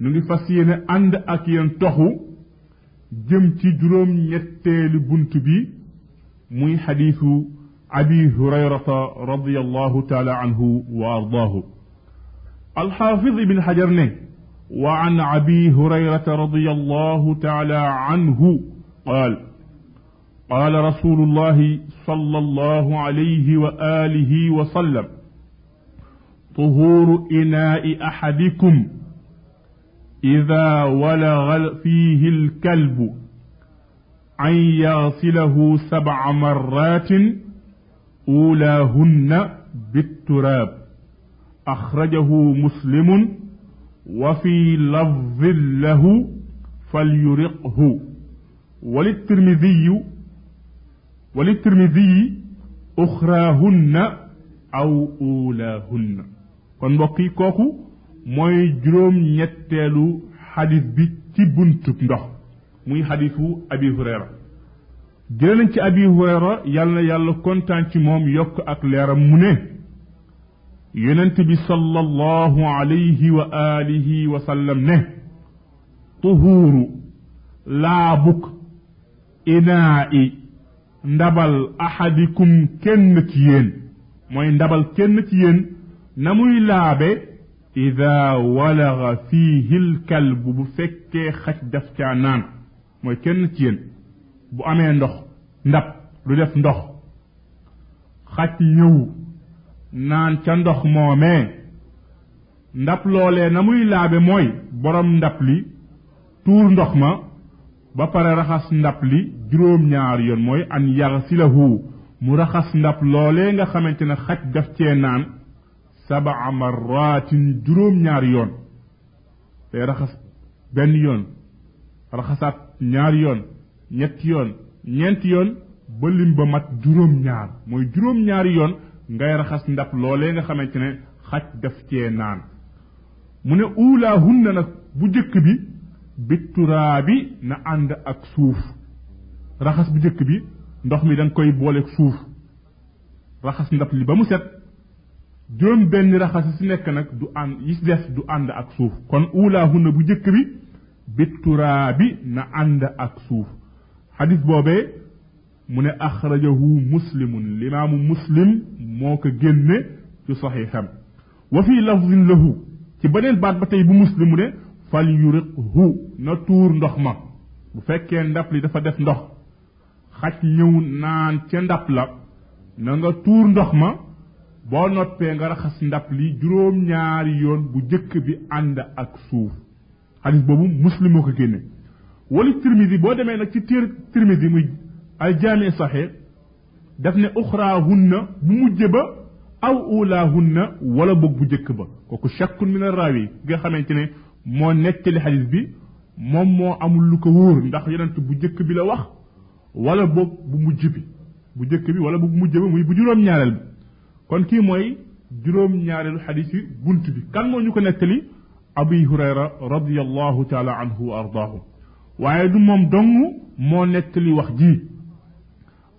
nu ngi fas yéene ànd ak yéen toxu jëm ci juróom ñetteelu bunt bi muy xadiisu abi hurayrata radiallahu taala anhu wa ardaahu alxaafid ibn xajar ne wa an abi hurayrata radiallahu taala anhu qaal قال رسول الله صلى الله عليه وآله وسلم طهور إناء أحدكم إذا ولغ فيه الكلب أن يغسله سبع مرات أولاهن بالتراب أخرجه مسلم وفي لفظ له فليرقه وللترمذي وللترمذي أخراهن أو أولاهن kon mbokk كوكو mooy juróom ñetteelu xadis bi ci buntub ndox muy xadisu abi hurayra jële nañ ci abi hurayra yàlla na yàlla kontaan ci moom yokk ak leeram mu ne yonent bi sallallahu alayhi wa alihi wa sallam ne tuhuuru laabuk inaa'i ndabal ahadikum kenn ci yéen mooy ndabal kenn ci yéen na muy laabe إذا ولغ فيه الكلب بفك خش دفتع نان موي كن تين بو أمي ندخ ندب رو دف ندخ خش يو نان چندخ مومي ندب لولي نموي لاب موي برم ندب لي تور ندخ ما بفر رخص ندب لي جروم نار يون موي أن يغسله مرخص ندب لولي نغا خمنتنا خش دفتع نان sab'a marratin juróom ñaari yoon day raxas benn yoon raxasaat ñaari yoon ñetti yoon ñeenti yoon ba lim ba mat juróom ñaar mooy juróom ñaari yoon ngay raxas ndap loolee nga xamante ne xaj daf naan mu ne uulaahunna nag bu jëkk bi na anda ak suuf raxas bu jëkk bi ndox mi da nga koy ak suuf raxas ndab li ba mu set juróom benn raxasi si nekk nag du ànd yi si des du ànd ak suuf kon hunna bu jëkk bi bitturaabi na ànd ak suuf xadis boobee mu ne axrajahu muslimun limaamu muslim moo ko génne ci saxiixam wa fi lafdin lahu ci beneen baat ba tey bu muslim mu ne fal yuriqhu na tuur ndox ma bu fekkee ndap li dafa def ndox xaj ñëw naan ca ndap la na nga tuur ndox ma bo noppé nga raxas ndap li juróom ñaari yoon bu jëkk bi ànd ak suuf xadis boobu muslim moo ko génne wali tirmisi boo demee nag ci téer tirmisi muy al jami saxee daf ne uxraahunna bu mujj ba aw ulaahunna wala boog bu jëkk ba kooku chakkun min rawi nga xamante ne moo nettali xadis bi moom moo amul lu ko wóor ndax yonent bu jëkk bi la wax wala boog bu mujj bi bu jëkk bi wala bu mujj ba muy bu juróom ñaareel bi kon kii mooy juróom ñaareelu xadis yi bunt bi kan moo ñu ko nettali abi hurayra radiallahu taala anhu wa ardaahu waaye du moom dong moo nettali wax ji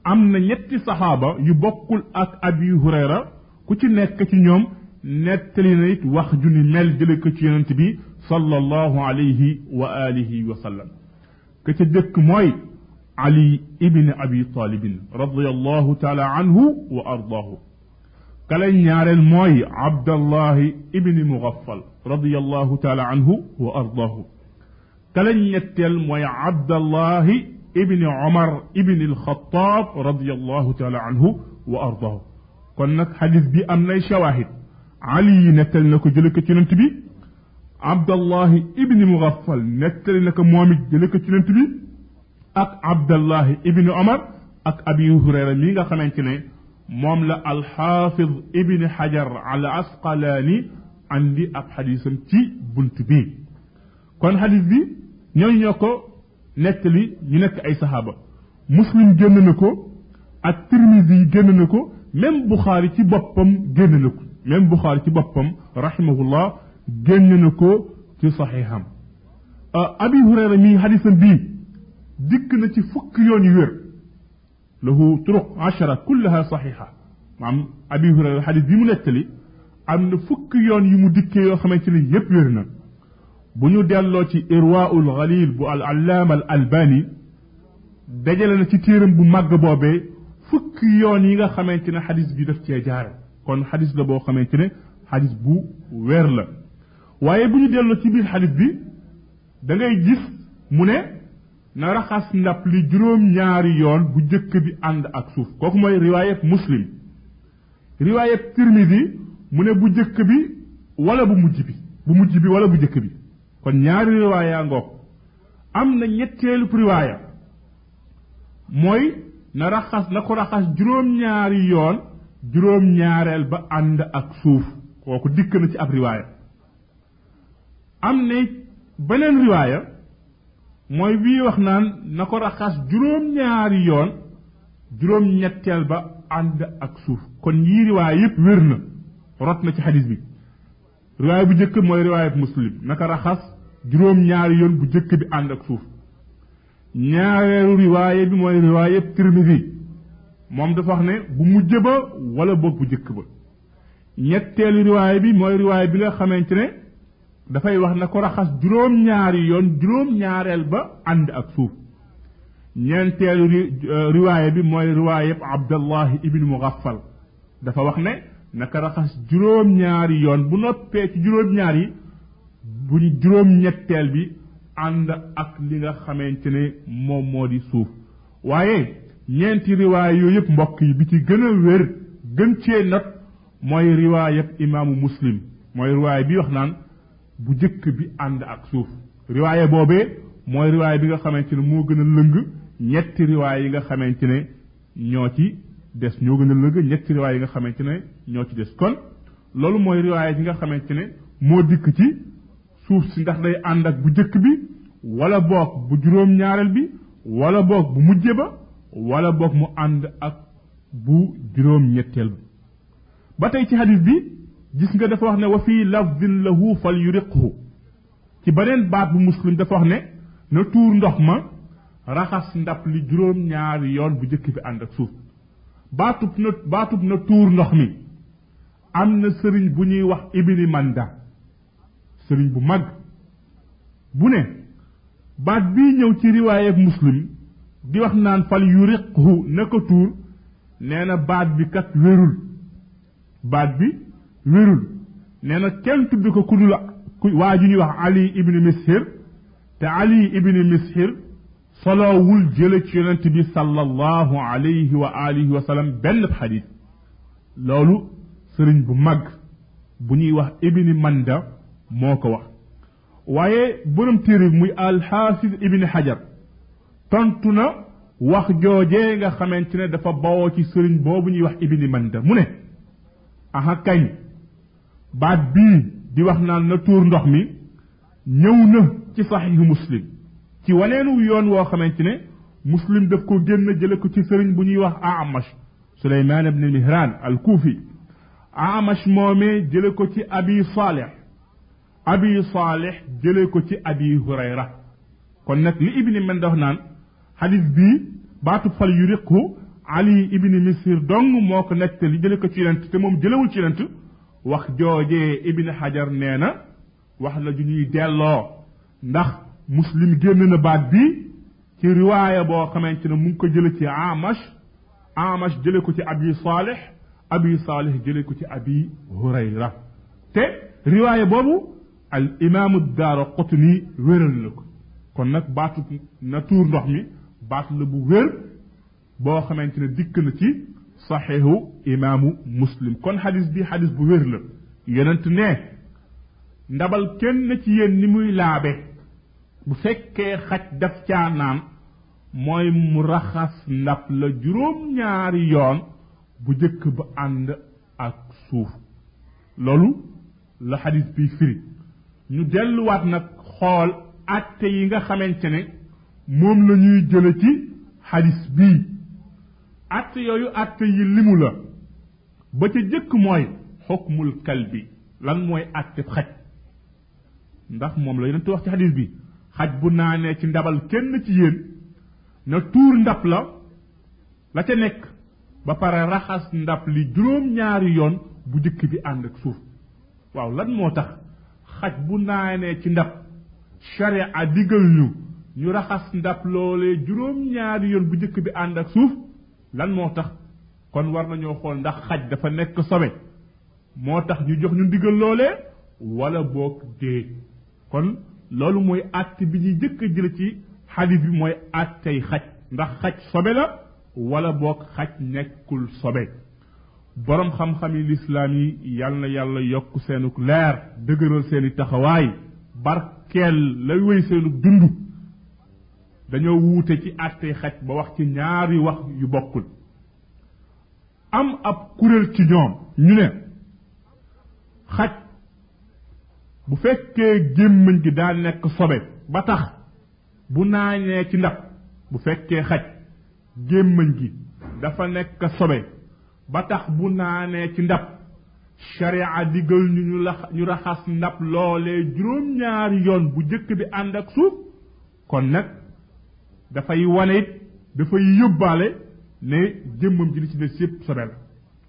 am na ñetti saxaaba yu bokkul ak abi hurayra ku ci nekk ci ñoom nettali na it wax ju ni mel jële ko ci yonent bi sallallahu alayhi wa alihi wa sallam ke ca dëkk mooy ali ibn abi talibin radiallahu taala anhu wa ardaahu kalañ ñaareel mooy abdallahi ibni mugaffal radiallahu taala anhu wa ardahu kalañ ñetteel mooy abdallahi ibni omar ibni alxataab radiallahu taala anhu wa ardahu kon nag xadis bi am nay shawahid ali yi nettal na ko jële ko ci nant bi abdallahi ibni mugaffal nettali na ko moom it jële ko ci nant bi ak abdallahi ibni omar ak abi hurayra li nga xamante ne موم لا الحافظ ابن حجر على اسقلاني عندي اب حديثم تي بنت بي كون حديث بي نيو نيوكو نتلي ني نك اي صحابه مسلم جن نكو الترمذي جن نكو ميم بخاري تي بوبام جن نكو ميم بخاري تي بوبام رحمه الله جن نكو تي صحيحام ابي هريره مي حديثم بي ديك نتي فك يون يور له طرق عشرة كلها صحيحة مع نعم، أبي هريرة الحديث دي منتلي أم نفك يون يمدك يو خميتلي يبيرنا بنو ديالو تي إرواء الغليل بو العلام الألباني دجلنا تي تيرم بو بوبي فك يون يغا خميتنا حديث بي دفتيا جار كون حديث لبو خميتنا حديث بو ويرلا وايه بنيو ديالو تي بي الحديث بي دنجي جيس منه na raxas ndab li juróom-ñaari yoon bu jëkk bi ànd ak suuf kooku mooy riwaayeb muslim riwaayeb tirmidi mu ne bu jëkk bi wala bu mujj bi bu mujj bi wala bu jëkk bi kon ñaari riwaaya ngoog am na ñetteelu riwaaya mooy na raxas na ko raxas juróom-ñaari yoon juróom-ñaareel ba ànd ak suuf kooku dikk na ci ab riwaaya am na beneen riwaaya mooy bii wax naan na ko raxas juróom-ñaari yoon juróom-ñetteel ba ànd ak suuf kon yii riwaay yëpp wér na rot na ci xadis bi riwaay bu jëkk mooy riwaayab muslim raxas juróom-ñaari yoon bu bi ànd ak suuf ñaareelu riwaaye bi mooy riwaayab tirmidi moom dafa wax ne bu mujj ba wala boog bu njëkk ba ñetteelu riwaay bi mooy riwaay bi nga xamante ne dafay wax na ko raxas juróom ñaari yoon juróom ñaareel ba ànd ak suuf ñeenteelu riwaaya bi mooy riwaayab abdallahi ibn mugaffal dafa wax ne naka raxas juróom ñaari yoon bu noppee ci juróom ñaar yi buñ juróom ñetteel bi ànd ak li nga xamante ne moom moo di suuf waaye ñeenti riwaaya yooyu yëpp mbokk yi bi ci gën a wér gën cee not mooy riwaayab imaamu muslim mooy riwaaya bi wax naan bu jëkk bi ànd ak suuf riwaaye boobee mooy riwaay bi nga xamante ne moo gën a lëng ñetti riwaay yi nga xamante ne ñoo ci des ñoo gën a lëng ñetti riwaay yi nga xamante ne ñoo ci des kon loolu mooy riwaay yi nga xamante ne moo dikk ci suuf si ndax day ànd ak bu jëkk bi wala boog bu juróom ñaareel bi wala boog bu mujje ba wala boog mu ànd ak bu juróom ñetteel ba ba tey ci hadis bi gis nga dafa wax ne wa fii lafdin lahu fal yuriqhu ci beneen baat bu muslim dafa wax ne na tuur ndox ma raxas ndab li juróom-ñaari yoon bu njëkk bi ànd ak suuf baatub na baatub na tuur ndox mi am na sëriñ bu ñuy wax ibni manda sëriñ bu mag bu ne baat bii ñëw ci riwaaye muslim di wax naan fal yuriqhu na ko tuur nee na baat bi kat wérul baat bi wérul nee na kenn tudd ko ku waa ju ñuy wax ali ibni mishir te ali ibni mishir soloowul jële ci yonent bi sallallahu alayhi wa alihi wa sallam benn xadis loolu sëriñ bu mag bu ñuy wax ibni manda moo ko wax waaye borom téere muy alxaafis ibni xajar tontu na wax jooje nga xamante ne dafa bawoo ci sëriñ boobu ñuy wax ibni manda mu ne aha baat bii di wax naan na tuur ndox mi ñëw na ci saxihu muslim ci waneenu yoon woo xamante ne muslim daf ko génn jële ko ci sëriñ bu ñuy wax amash suleyman ibn mihran al kufi amash moomee jële ko ci abi salih abi salih jële ko ci abi hurayra kon nag li ibni men dox naan xadis bii baatu fal yuriqhu ali ibni misir dong moo ko nekk te li jële ko ci yonent te moom jëlewul ci yonent wax joojee ibn hajar nee na wax la ju ñuy delloo ndax muslim génn na baat bi ci riwaaya boo xamante ne mu ngi ko jële ci amash amash jële ko ci abi salih abi salih jële ko ci abi hurayra te riwaaya boobu al imaamu daara qutni wéral na ko kon nag baatu na tuur ndox mi baat la bu wér boo xamante ne dikk na ci saxiixu imaamu muslim kon xadis bi xadis bu wér la yonent ne ndabal kenn ci yéen ni muy laabe bu fekkee xaj daf caa naan mooy mu raxas ndab la juróom-ñaari yoon bu jëkk ba ànd ak suuf loolu la xadis bi firi ñu delluwaat nag xool atte yi nga xamante ne moom lañuy ñuy jële ci xadis bii att yooyu att yi limu la ba ca jëkk mooy xukmul kalbi lan mooy attib xaj ndax moom la yonent wax ci xadis bi xaj bu naanee ci ndabal kenn ci yéen na tuur ndab la la ca nekk ba pare raxas ndab li juróom ñaari yoon bu jëkk bi ànd ak suuf waaw lan moo tax xaj bu naanee ci ndab sharia digal ñu ñu raxas ndab loolee juróom ñaari yoon bu jëkk bi ànd ak suuf lan moo tax kon war nañoo xool ndax xaj dafa nekk sobe moo tax ñu jox ñu ndigal loolee wala boog déet kon loolu mooy àtt bi ñuy jëkk jël ci xadis bi mooy àttey xaj ndax xaj sobe la wala boog xaj nekkul sobe borom xam-xam yi lislaam yi yal na yàlla yokk seenuk leer dëgëral seeni taxawaay barkeel la wéy seenuk dundu dañoo wuute ci àttee xaj ba wax ci ñaari wax yu bokkul am ab kuréel ci ñoom ñu ne xaj bu fekkee gémmiñ gi daa nekk sobe ba tax bu naañee ci ndab bu fekkee xaj gémmiñ gi dafa nekk sobe ba tax bu naanee ci ndab sharia digal ñu ñu raxas ndab loole juróom-ñaari yoon bu jëkk bi ànd ak suuf kon nag dafay wane it dafay yóbbaale ne jëmmam ji li ci des yëpp sobe la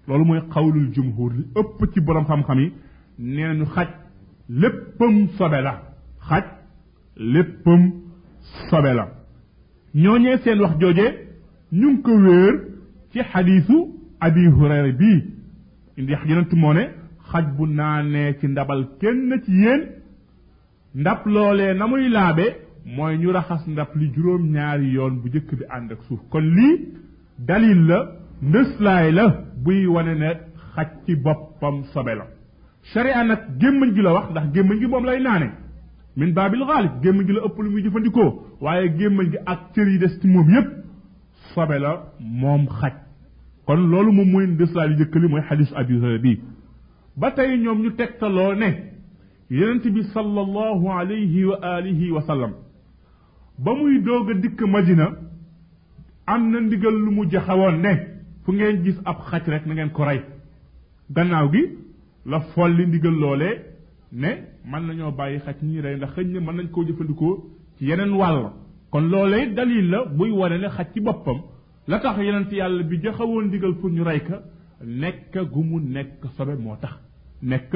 loolu mooy xawlul jumhur li ëpp ci borom xam-xam yi nee nañu xaj léppam sobe la xaj léppam sobe la ñooñee seen wax jooje ñu ngi ko wéer ci xadiisu abi hurayra bii indi yonent moo ne xaj bu naanee ci ndabal kenn ci yéen ndab loolee na muy laabe mooy ñu raxas ndab li juróom ñaari yoon bu jëkk bi ànd ak suuf kon lii dalil la ndëslaay la buy wane ne xaj ci boppam sobe la sharia nag gémmañ gi la wax ndax gémmañ gi moom lay naane min babil xaalib gémmañ gi la ëpp lu muy jëfandikoo waaye gémmañ gi ak cër yi des ci moom yépp sobe la moom xaj kon loolu moom mooy ndëslaay li jëkk li mooy xadis abi hurayra bi ba tey ñoom ñu tegtaloo ne yonent bi sallallahu alayhi wa alihi wa sallam ba muy doog a dikk madina am na ndigal lu mu jaxawoon ne fu ngeen gis ab xaj rek na ngeen ko rey gannaaw gi la folli ndigal loolee ne man nañoo bàyyi xaj ñi rey ndax xëñ ne mën nañ koo jëfandikoo ci yeneen wàll kon loolee dalil la buy wane ne xaj ci boppam la tax yonent yàlla bi jaxawoon ndigal pour ñu rey ka nekk gu mu nekk sobe moo tax nekk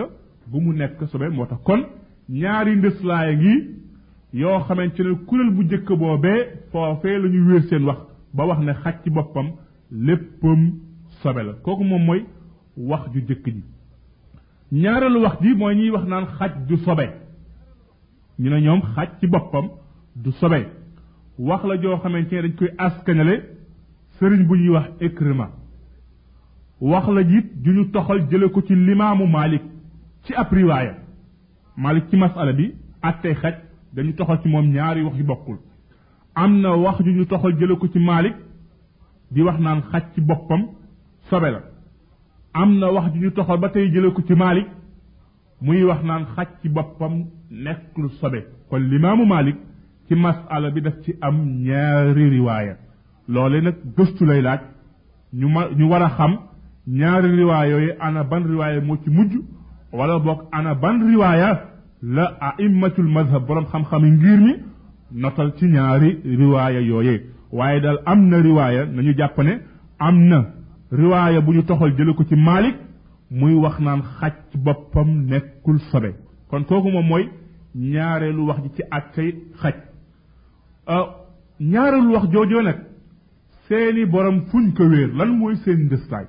gu mu nekk sobe moo tax kon ñaari ndëslaaya ngi yoo xamante ne kuréel bu njëkk boobee foofee la ñu wéer seen wax ba wax ne xaj ci boppam léppam sobe la kooku moom mooy wax ju jëkk ji ñaareelu wax ji mooy ñuy wax naan xaj du sobe ñu ne ñoom xaj ci boppam du sobe wax la joo xamante ne dañ koy askanale sëriñ bu ñuy wax écrima wax la jiit ju ñu toxal jële ko ci limaamu Malik ci ab riwaaya Malik ci masala bi attey xaj dañu toxal ci moom ñaari wax yu bokkul am na wax ju ñu toxal jële ko ci malik di wax naan xaj ci boppam sobe la am na wax ju ñu toxal ba tey jële ko ci malik muy wax naan xaj ci boppam nekkul sobe kon limaamu malik ci masala bi daf ci am ñaari riwaaya loole nag gëstu lay laaj ñu ma ñu war a xam ñaari riwaaya yooyu ana ban riwaaya moo ci mujj wala boog ana ban riwaaya la aimmatul mazhab boroom xam-xami ngir mi nottal ci ñaari riwaaya yooyee waaye daal am na riwaaya nañu jàpp am na riwaaya bu ñu toxal jële ko ci Maalik muy wax naan xaj boppam nekkul sobe kon kooku moom mooy ñaareelu wax ji ci àttey xaj euh, ñaareelu wax joojoo nag seeni borom fuñ ko wéer lan mooy seen ndëslaay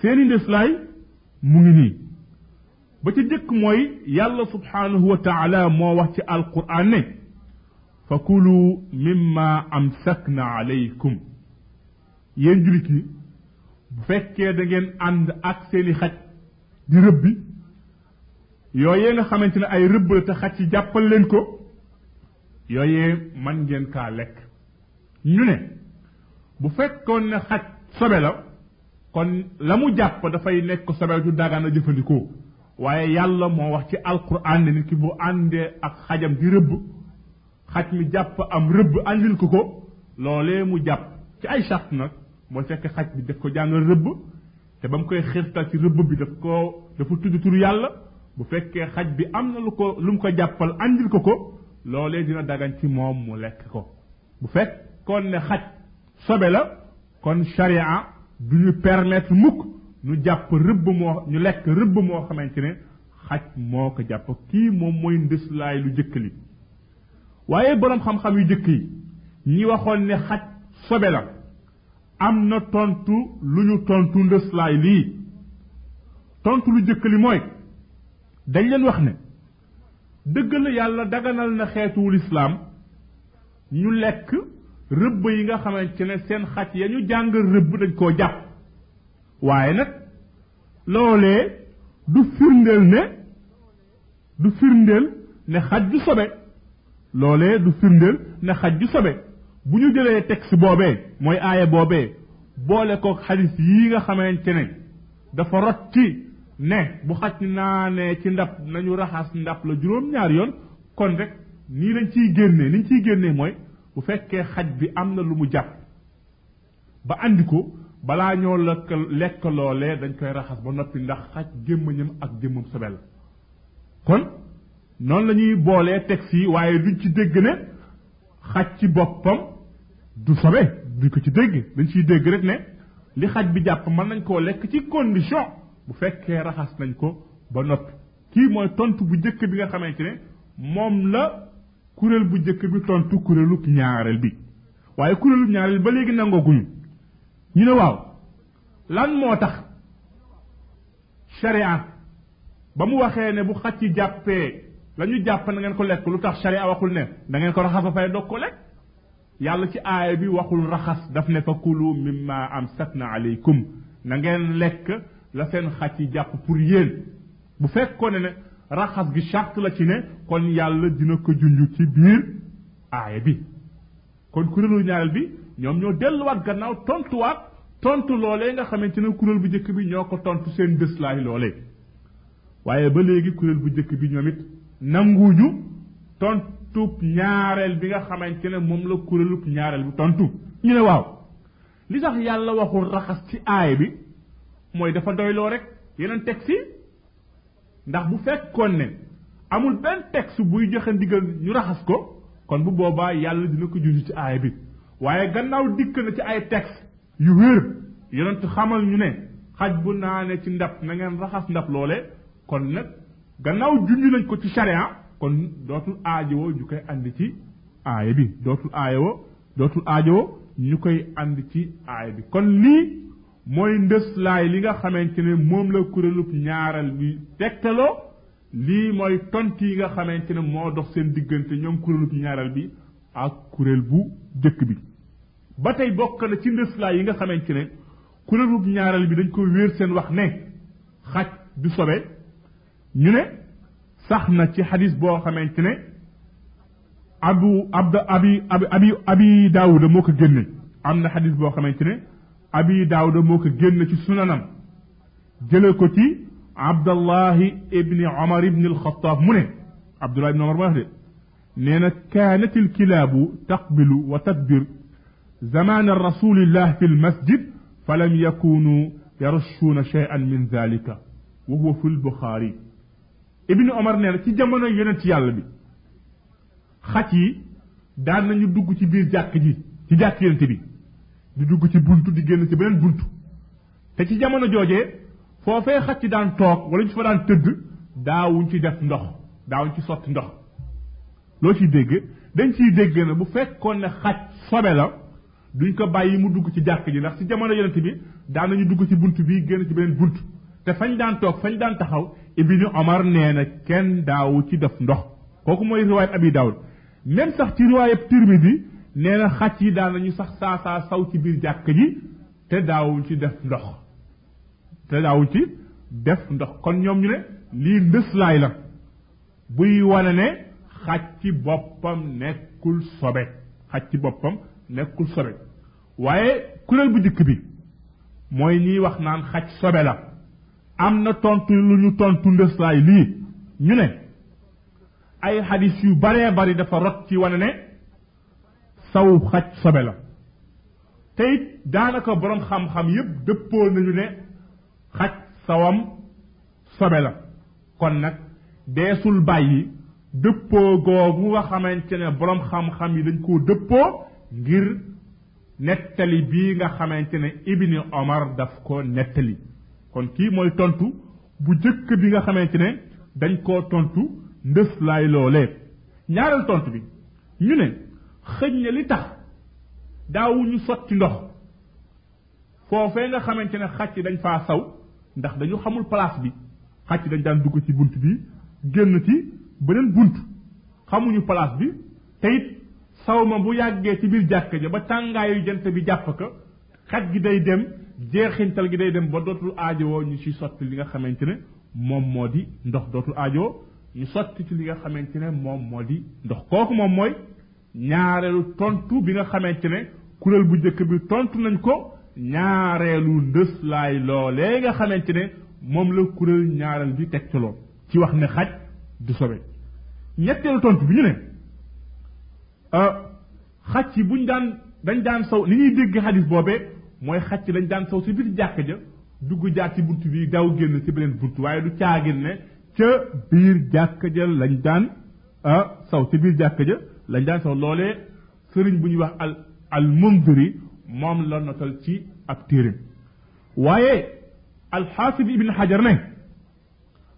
seeni ndëslaay mu ngi nii ba ca jëkk mooy yàlla subhanahu wa taala moo wax ci alquran ne fakulu mimma amsakna alaykum yéen julit yi bu fekkee da ngeen ànd ak seeni xaj di rëbbi yooyee nga xamante ne ay rëbb la te xaj ci jàppal leen ko yooyee man ngeen kaa lekk ñu ne bu fekkoon ne xaj sobe la kon la mu jàpp dafay nekk sobe ju dagaan a jëfandikoo waaye yàlla moo wax ci alquran ne nit ki bu àndee ak xajam di rëbb xaj mi jàpp am rëbb àndil ko ko loolee mu jàpp ci ay charte nag mooy fekk xaj bi daf ko jàngal rëbb te ba mu koy xiirtal ci rëbb bi daf ko dafa tudd tur yàlla bu fekkee xaj bi am na lu ko lu mu ko jàppal àndil ko ko loolee dina dagan ci moom mu lekk ko bu fekk kon ne xaj sobe la kon charia du ñu permettre mukk ñu jàpp rëbb moo ñu lekk rëbb moo xamante ne xaj moo ko jàpp kii moom mooy ndëslaay lu jëkk li waaye boroom xam-xam yu jëkk yi ñi waxoon ne xaj sobe la am na tontu lu ñu tontu ndëslaay lii tontu lu jëkk li mooy dañ leen wax ne dëgg la yàlla daganal na xeetuwul lislaam ñu lekk rëbb yi nga xamante ne seen xaj ya ñu jàng rëbb dañ koo jàpp waaye nag loolee du firndeel ne du firndeel ne xaj ju sobe loolee du firndeel ne xaj ju sobe bu ñu jëlee teg texte boobee mooy aaya boobee boole ko xadis yi nga xamante ne dafa rot ci ne bu xaj naanee ci ndab nañu raxas ndab la juróom-ñaar yoon kon rek nii lañ ciy génnee niñ ciy génnee mooy bu fekkee xaj bi am na lu mu jàpp ba andi ko balaa ñoo lekk lekk loolee dañ koy raxas ba noppi ndax xaj gémmañam ak jëmmam sobel kon noonu la ñuy boolee teg yi waaye duñ ci dégg ne xaj ci boppam du sobe duñ ko ci dégg dañ ciy dégg rek ne li xaj bi jàpp man nañ koo lekk ci condition bu fekkee raxas nañ ko ba noppi kii mooy tontu bu njëkk bi nga xamante ne moom la kuréel bu njëkk bi tontu kuréelu ñaareel bi waaye kuréelu ñaareel ba léegi nangooguñu ñu ne waaw lan moo tax a ba mu waxee ne bu xaj yi jàppee la jàpp na ngeen ko lekk lu tax a waxul ne da ngeen ko raxas ba fay dog ko lekk yàlla ci aaya bi waxul raxas daf ne fa kulu mimma amsakna aleykum na ngeen lekk la seen xaj yi jàpp pour yéen bu fekkoon ne ne raxas gi charte la ci ne kon yàlla dina ko junj ci biir aaya bi kon kuréelu ñaareel bi ñoom ñoo dellu delluwaat gannaaw tontu tontuwaat tontu loolee nga xamante ne kuréel bu njëkk bi ñoo ko tontu seen laay loolee waaye ba léegi kuréel bu njëkk bi ñoom it nanguuñu tontub ñaareel bi nga xamante ne moom la kuréelub ñaareel bi tontu ñu ne waaw li tax yàlla waxul raxas ci aay bi mooy dafa doyloo rek yeneen texte yi ndax bu fekkoon ne amul benn texte buy joxe ndigal ñu raxas ko kon bu boobaa yàlla dina ko junj ci aay bi waaye gannaaw dikk na ci ay tex yu wér yonent xamal ñu ne xaj bu naane ci ndab na ngeen raxas ndab loole kon nag gannaaw junj nañ ko ci charia kon dootul aajowoo ñu koy andi ci aaya bi dootul aajowoo dootul aajowoo ñu koy andi ci aaya bi kon lii mooy ndëslaay li nga xamante ne moom la kuréelub ñaaral bi tegtaloo lii mooy tont yi nga xamante ne moo dox seen diggante ñoom kuréelub ñaaral bi ak kurel bu dëkk bi ba tey bokk na ci ndëslaa yi nga xamante ne kuréelu ñaaral bi dañ ko wér seen wax ne xaj du sobe ñu ne sax na ci xadis boo xamante ne abu abd abi abi abi abi daawuda moo ko génne am na xadis boo xamante ne abi daawuda moo ko génne ci sunanam jële ko ci abdallahi ibni omar ibni alxataab mu ne abdullah ibni omar ma wax de نينا كانت الكلاب تقبل وتدبر زمان الرسول الله في المسجد فلم يكونوا يرشون شيئا من ذلك وهو في البخاري ابن عمر نينا تي جامونو يونت يالا خاتي دار نانيو تي بير جاك جي تي جاك يونت بي دي تي بونتو دي ген تي بنن بونتو تا تي جامونو فوفي خاتي دان توك ولا نفو دان تد داوون تي داف ندوخ داوون تي loo ciy dégg dañ ciy dégg na bu fekkoon ne xaj sobe la duñ ko bàyyi mu dugg ci jàkk ji ndax ci jamono yonent bi daan nañu dugg ci bunt bii génn ci beneen bunt te fañ daan toog fañ daan taxaw ibnu omar nee na kenn daawu ci def ndox kooku mooy riwaayat abi daawud même sax ci riwaayat tirmidi nee na xaj yi daan nañu sax saa saa saw ci biir jàkk ji te daawuñ ci def ndox te daawuñ ci def ndox kon ñoom ñu ne lii ndëslaay la buy wane ne xaj ci boppam nekkul sobe xaj ci boppam nekkul sobe waaye kuréel bu njëkk bi mooy ñiy wax naan xaj sobe la am na tontu lu ñu tontu ndëslaay lii ñu ne ay xadis yu baree bari dafa rot ci wane ne saw xaj sobe la te it daanaka boroom xam-xam yépp dëppoo nañu ne xaj sawam sobe la kon nag deesul bàyyi dëppoo googu nga xamante ne boroom xam-xam yi dañ koo dëppoo ngir nettali bi nga xamante ne ibni omar daf ko nettali kon kii mooy tontu bu jëkk bi nga xamante ne dañ koo tontu ndës laay loolee ñaareel tontu bi ñu ne xëñ na li tax daawuñu sotti ndox foofee nga xamante ne xàcc dañ faa saw ndax dañu xamul palaas bi xàcc dañ daan dugg ci bunt bi génn ci beneen bunt xamuñu place bi te it saw ma bu yàggee ci biir jàkka ja ba tàngaayu jant bi jàpp ka xaj gi day dem jeexintal gi day dem ba dootul aajowoo ñu ci sotti li nga xamante ne moom moo di ndox dootul aajowoo ñu sotti ci li nga xamante ne moom moo di ndox kooku moom mooy ñaareelu tontu bi nga xamante ne kuréel bu njëkk bi tontu nañ ko ñaareelu ndës laay loolee nga xamante ne moom la kuréel ñaareel bi teg ci ci wax ne xaj du sobe ñetteelu tontu bi ñu ne xàcc buñ daan dañ daan saw li ñuy dégg xadis boobee mooy xàcc dañ daan saw si biir jàkk ja dugg jaar ci bunt bi daw génn si beneen bunt waaye du caagin ne ca biir jàkk ja lañ daan saw si biir jàkk ja lañ daan saw loolee sëriñ bu ñuy wax al al mundiri moom la notal ci ab téere waaye al xaafid ibn xajar ne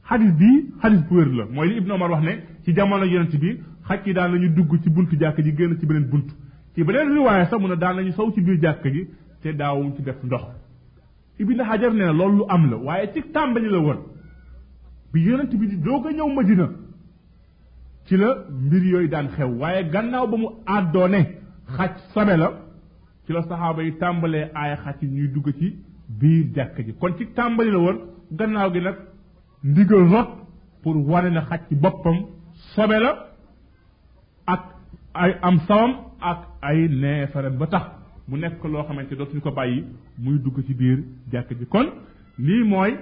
xadis bii xadis bu wér la mooy li Ibn Omar wax ne ci jamono yonent bi xaj yi daan lañuy dugg ci bunt jàkk ji génn ci beneen bunt ci beneen riwaaya sax na ne daan nañu sow ci biir jàkk ji te daawuñ ci def ndox Ibn Hajar nee na loolu lu am la waaye ci tàmbali la woon bi yonent bi di doo ko ñëw Madina ci la mbir yooyu daan xew waaye gannaaw ba mu àddoone xaj sobe la ci la saxaaba yi tàmbalee aaya xaj yi ñuy dugg ci biir jàkk ji kon ci tàmbali la woon gannaaw gi nag ndigal rot pour wane na xacc ci boppam sobe la ak ay am sawam ak ay neefare ba tax mu nekk loo xamante dootuñu ko bàyyi muy dugg ci biir jàkk ji kon lii mooy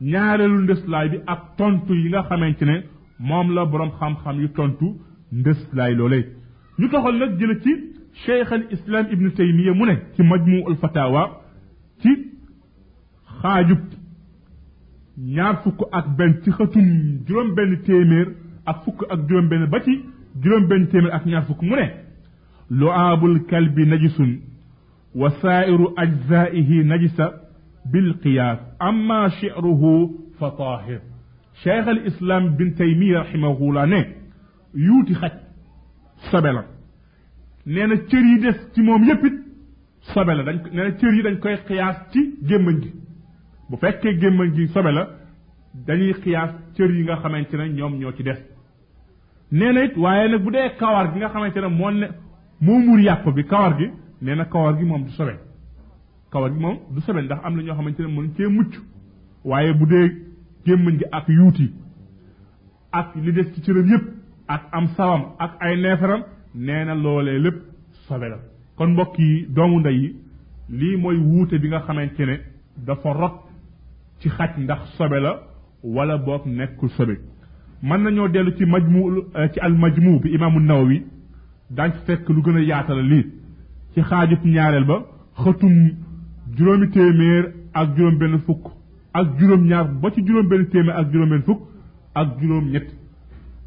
ñaareelu ndëslaay bi ak tontu yi nga xamante ne moom la borom xam-xam yu tontu ndëslaay loolee ñu toxal nag jële ci cheikh al islam ibnu taymiya mu ne ci majmu al fatawa ci xaajub ñaar fukk ak benn ci xëtum juróom benn téeméer ak fukk ak juróom benn ba ci juróom benn téeméer ak ñaar fukk mu ne lu'aabul kalbi najisun wa saa'iru ajzaa'ihi najisa bil qiyaas amma shi'ruhu fa taahir cheikh al islam bin taymiya rahimahullah ne yuuti xaj sobe la nee na cër yi des ci moom yépp it sobe la dañ nee na cër yi dañ koy xiyaas ci gémmañ gi bu fekkee gémmañ gi sobe la dañuy xiyaas cër yi nga xamante ne ñoom ñoo ci des nee na waaye nag bu dee kawar gi nga xamante na moo ne moo muur yàpp bi kawar gi nee na kawar gi moom du sobe kawar moom du sobe ndax am na ñoo xamante ne mënuñ cee mucc waaye bu dee gémmañ gi ak yuuti ak li des ci cëram yépp ak am sawam ak ay neefaram nee na loolee lépp sobe la kon mbokk yi doomu ndey yi lii mooy wuute bi nga xamante ne dafa rot ci xaj ndax sobe la wala boog nekkul sobe man nañoo dellu ci majmu ci al majmu bi imaamu nawawi daañ ci fekk lu gën a yaatal lii ci xaajub ñaareel ba xëtum juróomi téeméer ak juróom benn fukk ak juróom ñaar ba ci juróom benn téeméer ak juróom benn fukk ak juróom ñett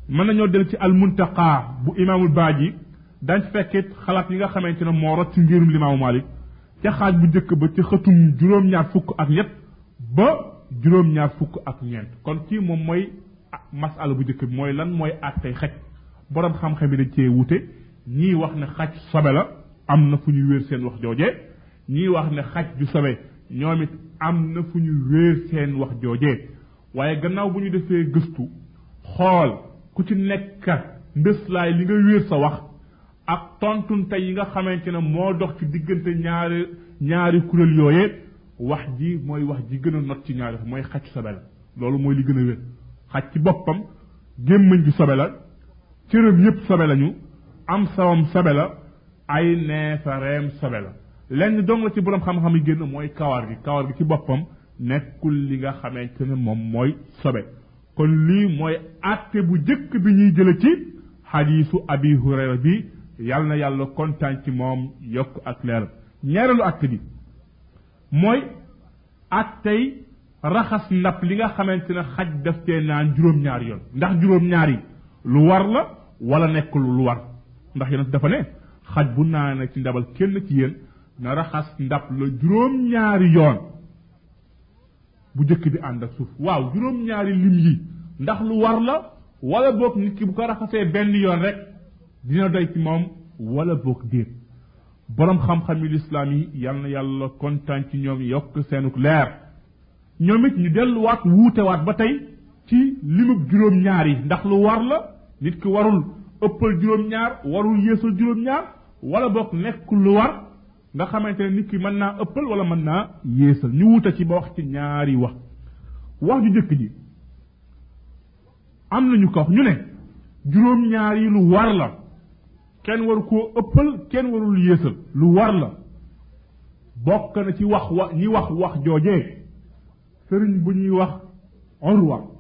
man nañoo dellu ci al muntaqa bu imaamul baaji dañ fekkit xalaat yi nga xamante ne moo rot ci ngirum limaamu malik ca xaaj bu njëkk ba ci xëtum juróom ñaar fukk ak ñett ba juróom-ñaar fukk ak ñeent kon kii moom mooy masala bu njëkk bi mooy lan mooy àttey xaj boroom xam-xam yi dañ cee wute ñii wax ne xaj sobe la am na fu ñuy wéer seen wax jooje ñii wax ne xaj ju sobe ñoom it am na fu ñu wéer wax jooje waaye gannaaw bu ñu defee gëstu xool ku ci nekk ndëslaay li nga wéer sa wax ak tey yi nga xamante ne moo dox ci diggante ñaari ñaari kuréel yooye wax ji mooy wax ji gën a not ci ñaari mooy xaj sobe la loolu mooy li gën a wér xaj ci boppam gémmañ gi sobe la cërëm yépp sobe lañu am sawam sobe la ay neefareem sobe la lenn dong la ci boroom xam-xam yi génn mooy kawar gi kawar gi ci boppam nekkul li nga xamee ne moom mooy sobe kon lii mooy àtte bu jëkk bi ñuy jële ci xadiisu abi hurayra bi yàlla na yàlla kontaan ci moom yokk ak leer ñereelu àtte bi mooy ak tey raxas ndab li nga xamante ne xaj def te naan juróom-ñaar yoon ndax juróom-ñaar lu war la wala nekk lu war ndax yonent dafa ne xaj bu naane ci ndabal kenn ci yéen na raxas ndab la juróom-ñaari yoon bu jëkk bi ànd ak suuf waaw juróom-ñaari lim yi ndax lu war la wala boog nit ki bu ko raxasee benn yoon rek dina doy ci moom wala boog déet boroom xam-xam yi lislaam yi yal na yàlla kontaan ci ñoom yokk seenuk leer ñoom it ñu delluwaat wuutewaat ba tey ci limub juróom-ñaar yi ndax lu war la nit ki warul ëppal juróom-ñaar warul yéesal juróom-ñaar wala boog nekk lu war nga xamante ne nit ki mën naa ëppal wala mën naa yéesal ñu wuute ci ba wax ci ñaari wax wax ju jëkk ji am nañu ko wax ñu ne juróom-ñaar yi lu war la kenn waru koo ëppal kenn warul yéesal lu war la bokk na ci wax wa ñi wax wax joojee sëriñ bu ñuy wax Urwa